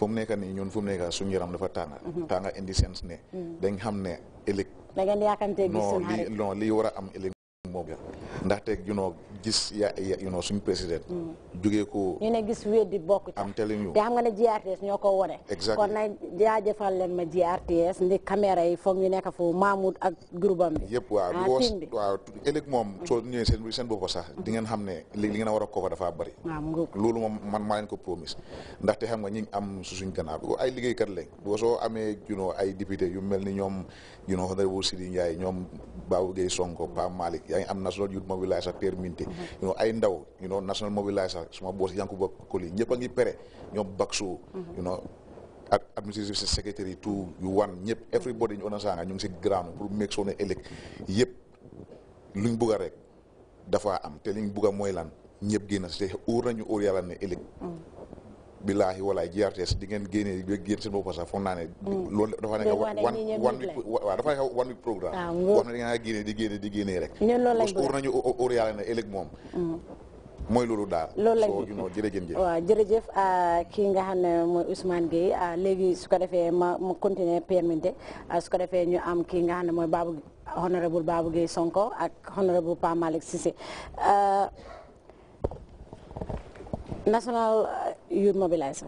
fu mu ni nii ñun fu mu nekk suñu yaram dafa tànga mhm. tànga indi sens ne mhm. dañ xam ne ëllëg da ngeen yaakante gis non lii war a am ëllëg moom ndaxte junoo gis ya you know suñu président mm. jógee ko gis weddi bokk am telling you te xam nga ne GRTS ñoo ko wone exactement kon nag jaajëfal leen ma GRTS ndi caméra yi foog ñu nekk foofu Mahmoud ak groupam bi yëpp waaw ah, waaw ëllëg moom mm. soo ñëwee seen seen bopp sax di ngeen xam ne li li ngeen war a cover dafa bëri ah, loolu moom man maa leen ko promise ndaxte xam nga ñi am susuñ gannaaw ay liggéeykat lañ boo soo amee you know ay député yu mel ni ñoom you know honorable Sidi Ndiaye ñoom Babou Gueye Sonko Pape Malick yaa ngi am national youth mobiliser Pierre Minté mhm. you know ay ndaw you know national mobiliser suma boos Yankuba Koli ñëpp a ngi pere ñoom Bakso mhm. you know administrative secretary tout yu wan ñëpp everybody ñu onasanga ñu ngi si ground pour make sure ne ëllëg luñ bugg a rek dafa am te liñ bugg a mooy génn si te uur nañu uur yàlla ne ëllëg billaahi walaay GRTS di ngeen génne di génn seen bopp sax foog naa ne. Mm. loolu dafa nekk one one week waaw dafa nekk one week programme. waaw ah, ne da ngaa génne di génne di génne rek. ñun loolu nga xam ne mooy Ousmane Gueye ah, léegi su ko defee ma ma continuer permité ah, su ko defee ñu am kii nga xam ne mooy Babou honorable Babou Gueye Sonko ak honorable Pa Malick Cissé. national uh, youth mobiliser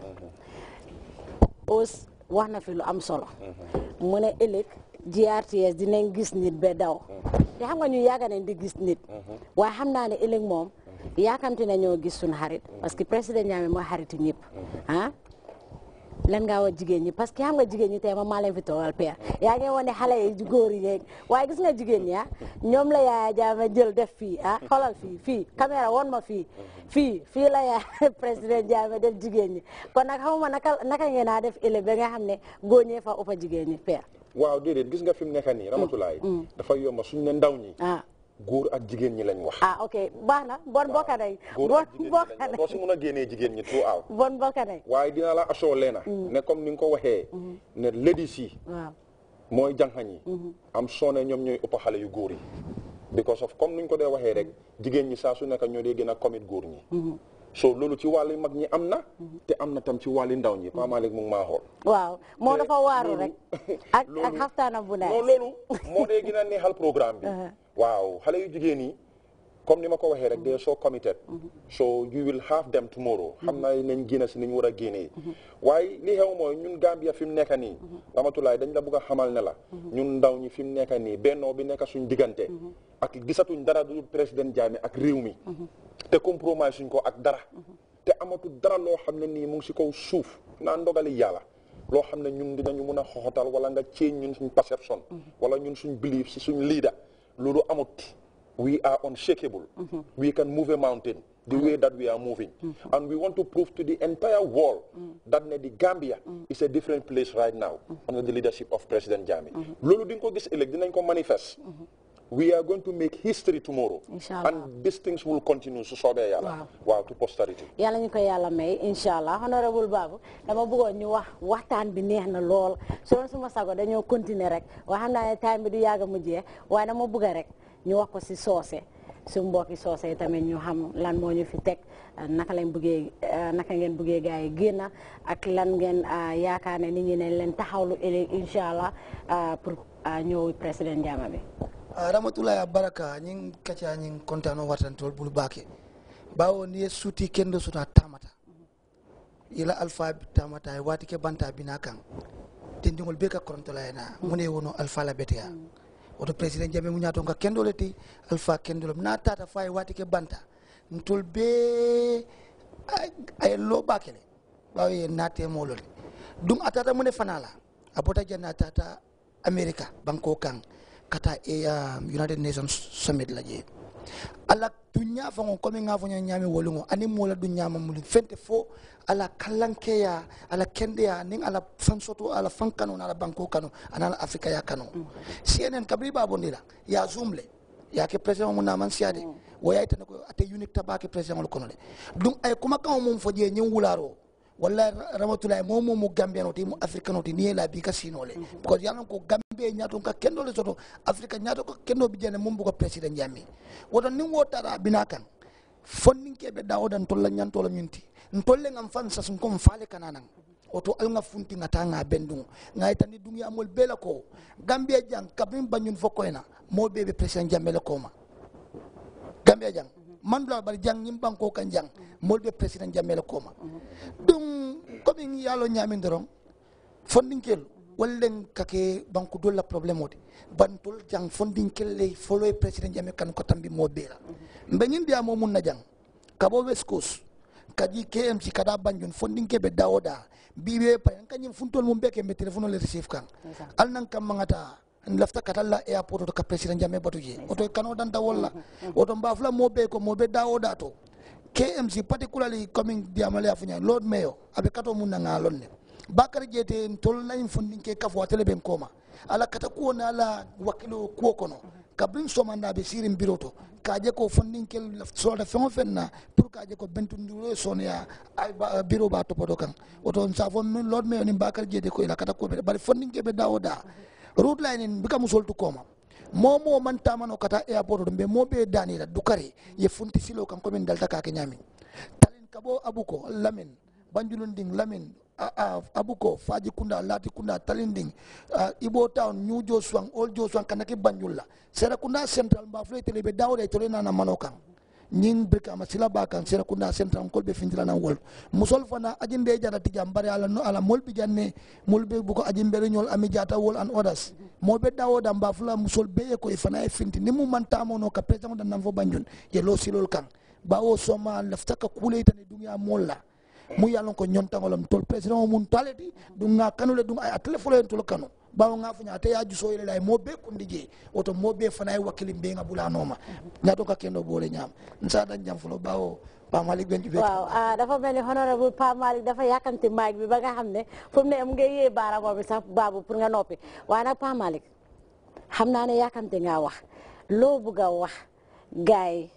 aus wax na fi lu am solo mu ne ëllëg GRTS dinañ gis nit be daw te xam nga ñu yàgg nañ di gis nit waaye xam naa ne ëllëg moom yaakamti nañoo gis suñu xarit parce que président Jammeh mooy xariti ñëpp ah? lan ngaa wax jigéen ñi parce que xam nga jigéen ñi tey ma maa leen fi toogal père yaa ngi wane xale yi góor yi yeeg waaye gis nga jigéen ñi ah, ñoom la yaaya jaame jël def fii ah xoolal fii fii caméra woon ma fii fii fii la yaaya président jaame def jigéen ñi kon nag xamuma naka naka ngeen naa def élève ba nga xam ne góor ñee fa ëpp jigéen ñi père waaw déedéet gis nga fi mu nekk nii ramatulaay mm, mm. dafa yomba suñ ne ndaw ñi ah. góor ak jigéen ñi lañ wax. ah ok baax na bon bokka day. bon bokka day doo si mun a génnee jigéen ñi trop aw. bon bokka day. waaye dina la asoo leena. Mm. ne comme ni nga ko waxee. Mm-hmm. ne ladies yi. waaw mooy jànqañ yi. Mm-hmm. am soone ñoom ñooy ëpp xale yu góor yi. because of comme nuñ ko dee waxee rek mm-hmm. jigéen ñi saa su nekk ñoo dee gën a commit góor ñi. so loolu ci wàllu mag ñi am na. te am na tam ci wàllu ndaw ñi Pa Malick mu ngi maa waaw moo dafa waaru rek. ak ak xaftaanam bu neex. bi. Uh-huh. waaw xale yu jigéen yi comme ni ma ko waxee rek they are so committed mm-hmm. so you will have them tomorrow mm-hmm. xam naa nañ génn si niñ war a génnee mm-hmm. waaye li xew mooy ñun Gambia fi mu nekk nii Ramatulaay dañ la bëgg a xamal ne la ñun ndaw ñi fi mu nekk nii bennoo bi nekk suñ diggante ak gisatuñ dara du président Jammeh ak réew mi te compromise suñ ko ak dara te amatu dara loo xam ne nii mu ngi si kaw suuf naa ndogali yàlla loo xam ne ñun dinañu mun a xoxotal wala nga ceeñ ñun suñ perception wala ñun suñ belief si suñ leader Lulu amut we are unshakable mm-hmm. we can move a mountain the mm-hmm. way that we are moving mm-hmm. and we want to prove to the entire world mm. that ne the Gambia mm. is a different place right now under the leadership of President Jammeh loolu di nga ko gis ëllëg dinañ ko we are going to make history tomorrow. inshallah and these things will continue yàlla. waaw waaw to posterity. yàlla ñu koy yàlla may inshallah honorable Babou dama bëggoon ñu wax waxtaan bi neex na lool su doon suma sago dañoo continuer rek waaye xam naa ne time bi du yàgg mu jeex waaye dama bëgg rek ñu wax ko si soose su mbokki soose yi tamit ñu xam lan moo ñu fi teg naka lañ bëggee naka ngeen buggee gars yi génn ak lan ngeen ah, yaakaar ne nit ñi ne leen taxawlu ëllëg inshallah ah, pour ah, ñëw président Jammeh bi. Ah, rahmatullahi a baraka ñin kaca ñin contano wartantol bulu baake bawo ni ye suti kendo suta tamata ila alpha tamata e wati ke banta bina kan tendigol be ka korontolayana mune wono alpha la beteya woto président jabe mu ñaton ka kendo le ti alpha kendo le na tata fa e wati ke banta ntol be ay lo bakele bawo ye nate molol dum atata mune fanala abota janna tata america banko kan kata e um, united nations summit laje ala dunya fango komi nga fanyo nyame wolungo ani mola dunya mamulu fente fo ala kalanke ya ala kende ya ning ala fansoto ala fankano ala banko kano ana afrika ya kano mm -hmm. cnn kabri babondila ya zoomle ya ke president mun na man siade mm -hmm. waya itana ko ate unit tabake president kono le dum ay kuma kan mum fo je nyin wularo wala ramatu lay mo gambien oti mo africain oti ni la bi ka sinole mhm. because yalla ko gambe nyato ka kendo le soto africa nyato ko kendo bi jene mum bu ko president jammi ni wo tara binakan fonninkeɓe dawodan tolla ñantola nyunti ntolle ngam fan sun ko mfale kananan oto al nga funti ga ta ga bendugo gaytani duniya mol bela gambia jang kabin bañun fo koyna bebe president président jammele gambia jang mhm. mandula bar jang ñim banko kan mhm molɓe président jammele dong ɗum komin nyamin ñamin doron fondinkel walen kake banque la probléme ode bantul jang fondinkelle folo follow président jamel kan ko tambi mo beela mbe dia mo mun na jang kabo west kaji kem kmc kada banjun fondinke ke dawoɗa bibe payan kañum funtol mum beke me telephone le receive kan al nan kam en lafta katalla airport oto ka président jamel batu je oto kanoɗan dawolla mm-hmm. oto mbafla mo be ko mo be dawoɗa to KMC particularly coming diamale afunya Lord Mayo abekato muna ngalonne bakari a ntolna infundi ke kafwa teleben koma ala kata kuo na ala wakilo kuo kono kabrin somanda be sirin biroto kaje ko fundin ke a fengo fenna pour kaje ko bentu nduro sonya ay eh, biro ba to podo kan oto sa fon min Lord Mayo ni bakari jete ko ila kata ko be bari fundin ke be dawoda route line bi kamusol to koma mo mo man tamano kata airport ɗum ɓe moɓe la dukari ye funti silo kam komin dalta kake a talin kabo abuko lamin banjulun ndin lamin abuko faji kunda lati kunda talin ndin ibo town new jo suwan old jo suwan kanaki banjulla sera kunda central mbaflo tele ɓe dawre tole nana mano kan ñin birkama sila ba kan sera kunda central kol ɓe fintilana wol musol fana ajinde jata tijam bare ala no ala molɓi janne molɓe buko ajimbere ñol ami jata wol an odas mm -hmm. moɓe ɗawoɗa mba fula musol beye koye fana e finti ni mu man tamono ka président ɗan nan fo banjun je lo silol kan bawo soma lafta ka kuleytani duniya molla mu yalon ko ñontagolom tol président o mum taleti ɗum ga kanule ɗum a télé folo hen tol kanu bawo nga fanya te ya juso ile la mobe kundi je oto mobe fana wakili mbenga bula noma nyato ka kendo bole nyam nsada nyam fulo bawo Pape Malick benn bi waaw ah dafa mel ni honorable Pape Malick dafa yàkkamti maaj bi ba nga xam ne fu ne mu ngi yee baaraamoo bi sa baabu pour nga noppi waaye nag Pape Malick xam naa ne yàkkamti nga wax loo bëgg a wax gaay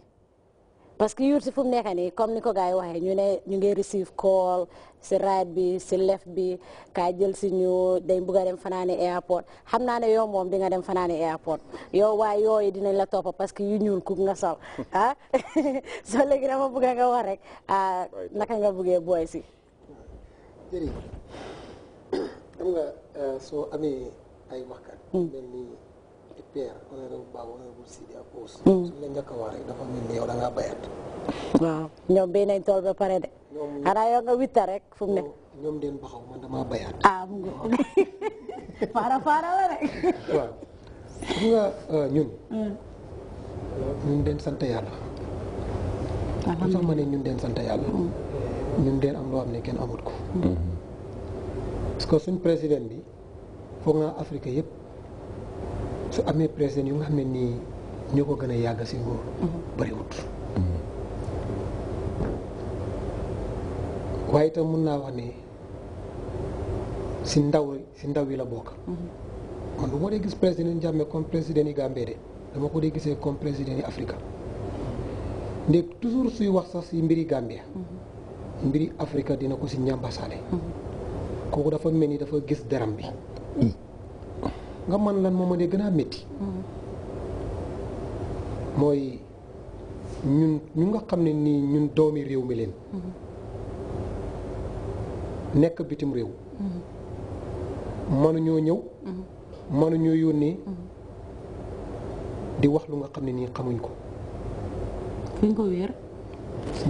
parce que yuut si fu mu nekk nii comme ni ko gars yi waxee ñu ne ñu ngi receive call si right bi si left bi kaa jël si ñu dañ bugg a dem fanaani airport xam naa ne yow moom di nga dem fanaani airport yow waaye yooyu dinañ la toppa parce que yu ñuul ku nga sol ah soo léegi dama bugg nga wax rek ah naka nga buggee booy si père honorable Ba honorable Sidi ak mm. a wax rek dafa mel ni yow da ngaa bayat waaw ñoom béy nañ tool ba pare de xanaa yow nga witta rek fu mu ne ñoom den ah, faara faara la rek waaw nga euh, ñun mm. ñun den sant yàlla lu sax ma ne ñun den sant yàlla mm. ñun den am loo xam ne kenn amut ko parce que suñ président bi foog naa Afrique yëpp su amé président yu nga xamné ni ñoko gëna ko ya ci ngor mhm. bari wut waye tam waaye itam wax ni si ndaw si ndaw yi la bok man duma ma dee gis président jamé comme président yi gambé dé dama ko dee gisee comme président yi afrika ndég toujours suy wax sax ci mbiri Gambie mhm. mbiri afrika dina ko ci ñambassalé mhm. koku dafa melni dafa gis daram bi nga man lan moom a dee gën a métti mooy ñun ñu nga xam ne nii ñun doomi réew mi leen nekk bitim réew mënuñoo ñëw mënuñoo yónnee di wax lu nga xam ne nii xamuñ ko fuñ ko wéer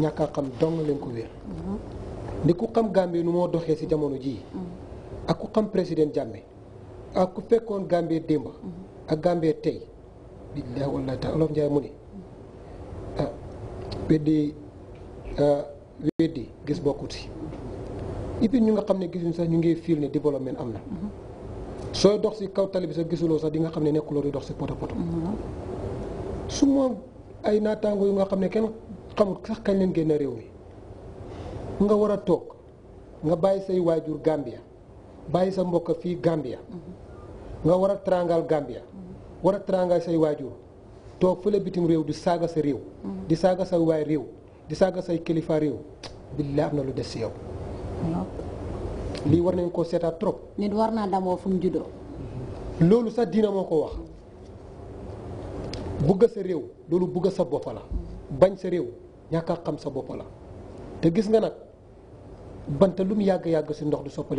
ñàkk a xam dong leen ko wéer mhm. ndi ku xam Gambie nu moo doxee ci jamono jii mhm. ak ku xam président Jammeh ak ah, ku fekkoon Gambie démb ak Gambie tey billahi wallahi ta olof Njaay mu ne ah, ah, weddi gis bokkuti et puis ñu nga xam ne gisuñ sax ñu ngi fiil ne développement am na sooy dox si kaw tali bi sax gisuloo sax di nga xam ne nekkuloo di dox si poto poto su ma ay naataango yu nga xam ne kenn xamul sax kañ leen génn réew mi nga war a toog nga bàyyi say waajur Gambia bàyyi sa mbokk fii Gambia nga war a trangal Gambia war a trangal say waajur toog fële bitim réew di saaga sa réew di saaga sa waay réew di saaga say kilifaa réew billaay am na lu des si yow lii war nañ koo seetaat trop nit war naa damoo fu mu juddoo loolu sax diina moo ko wax bugga sa réew loolu bugga sa bopp la bañ sa réew ñàkk a xam sa bopp la te gis nga nag banta lu mu yàgg-yàgg si ndox du soppali